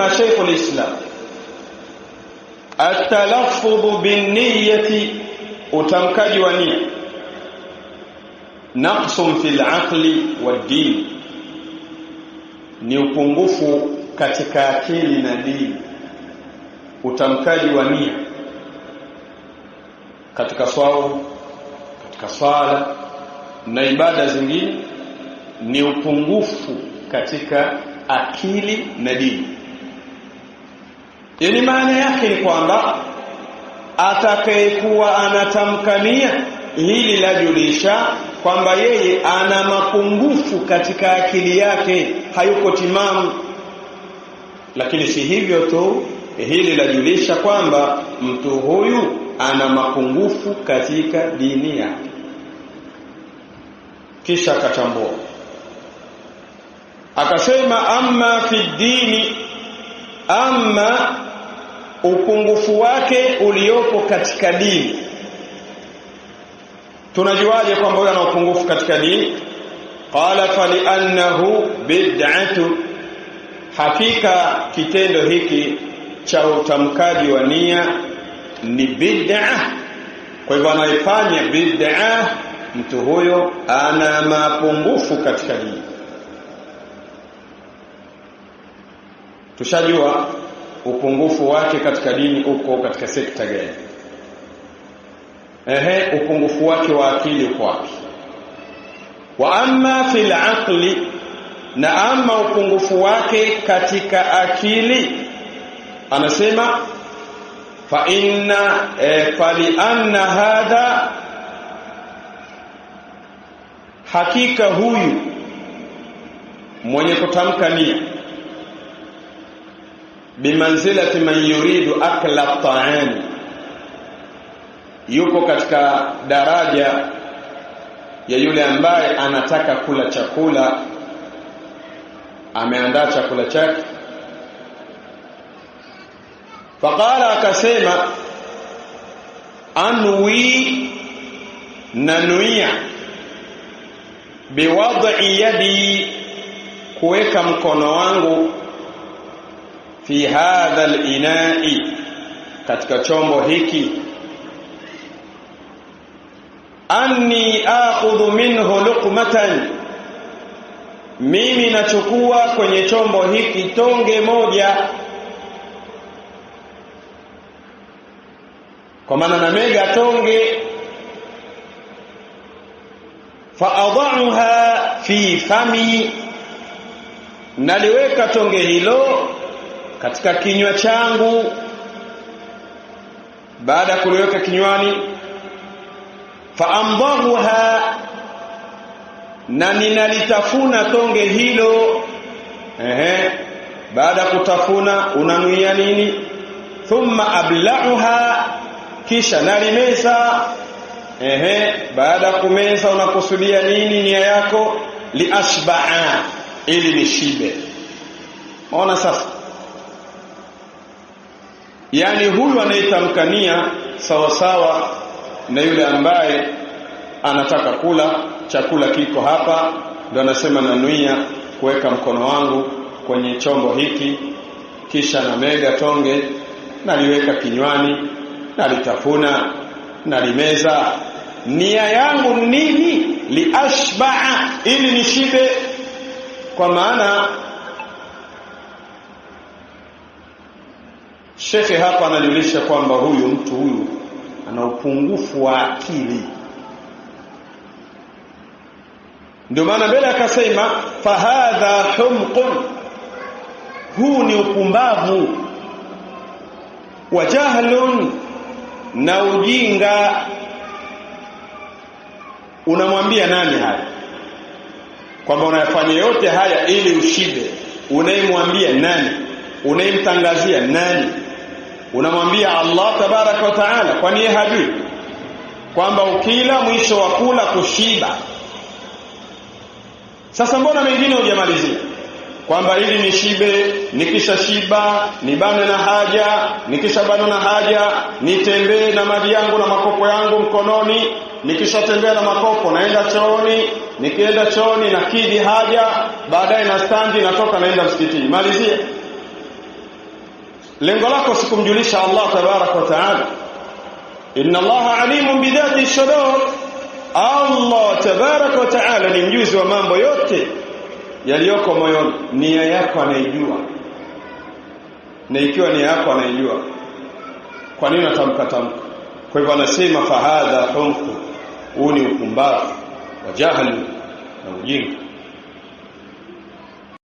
asema Sheikh al-Islam at-talaffuz bin-niyyati utamkaji wa nia naqsun fil aqli wad-din ni upungufu katika akili na dini utamkaji wa nia katika swaumu katika swala na ibada zingine ni upungufu katika akili na dini yaani maana yake ni kwamba atakayekuwa anatamkania hili lajulisha kwamba yeye ana mapungufu katika akili yake hayuko timamu lakini si hivyo tu hili lajulisha kwamba mtu huyu ana mapungufu katika dini yake kisha akatambua akasema amma fi dini amma upungufu wake uliopo katika dini tunajuaje kwamba huyo ana upungufu katika dini qala faliannahu bid'atu hakika kitendo hiki cha utamkaji wa nia ni bid'a kwa hivyo anaifanya bid'a mtu huyo ana mapungufu katika dini tushajua upungufu wake katika dini uko katika sekta gani ehe upungufu wake wa akili uko wapi wa amma fil aqli na ama upungufu wake katika akili anasema fa inna e, fali anna hadha hakika huyu mwenye kutamka nia bimanzilati man yuridu akla taam, yuko katika daraja ya yule ambaye anataka kula chakula, ameandaa chakula chake. Faqala, akasema anwi, nanuia biwadhi yadi, kuweka mkono wangu fi hadha linai, katika chombo hiki. Anni akhudhu minhu luqmatan, mimi nachukua kwenye chombo hiki tonge moja, kwa maana mega tonge. Faadauha fi fami, naliweka tonge hilo katika kinywa changu baada ya kuliweka kinywani faamdharuha na ninalitafuna tonge hilo ehe baada kutafuna unanuia nini thumma ablauha kisha nalimeza ehe baada kumeza unakusudia nini nia yako liashbaa ili nishibe maona sasa yaani huyu anayetamkania sawasawa na yule ambaye anataka kula chakula kiko hapa ndo anasema nanuia kuweka mkono wangu kwenye chombo hiki kisha na mega tonge naliweka kinywani nalitafuna nalimeza nia yangu nini liashbaa ili nishibe kwa maana Shekhe hapa ananionyesha kwamba huyu mtu huyu ana upungufu wa akili, ndio maana mbele akasema fahadha humqun, huu ni upumbavu wa jahlun, na ujinga. Unamwambia nani haya kwamba unayafanya yote haya ili ushibe? Unaimwambia nani? Unaimtangazia nani? unamwambia Allah tabaraka wa taala, kwani yeye hajui kwamba ukila mwisho wa kula kushiba? Sasa mbona mengine hujamalizia kwamba ili nishibe, nikisha shiba nibane na haja, nikisha bana na haja nitembee na maji yangu na makopo yangu mkononi, nikishatembea na makopo naenda chooni, nikienda chooni nakidhi haja, baadaye na standi natoka naenda msikitini. Malizia lengo lako si kumjulisha Allah tabarak wa taala inna Allah alimun bidhati shudur Allah tabarak wa taala ni mjuzi wa mambo yote yaliyoko moyoni nia yako anaijua na ikiwa nia yako anaijua kwa nini unatamka tamka kwa hivyo anasema fahadha humku huu ni upumbavu wa jahli na ujinga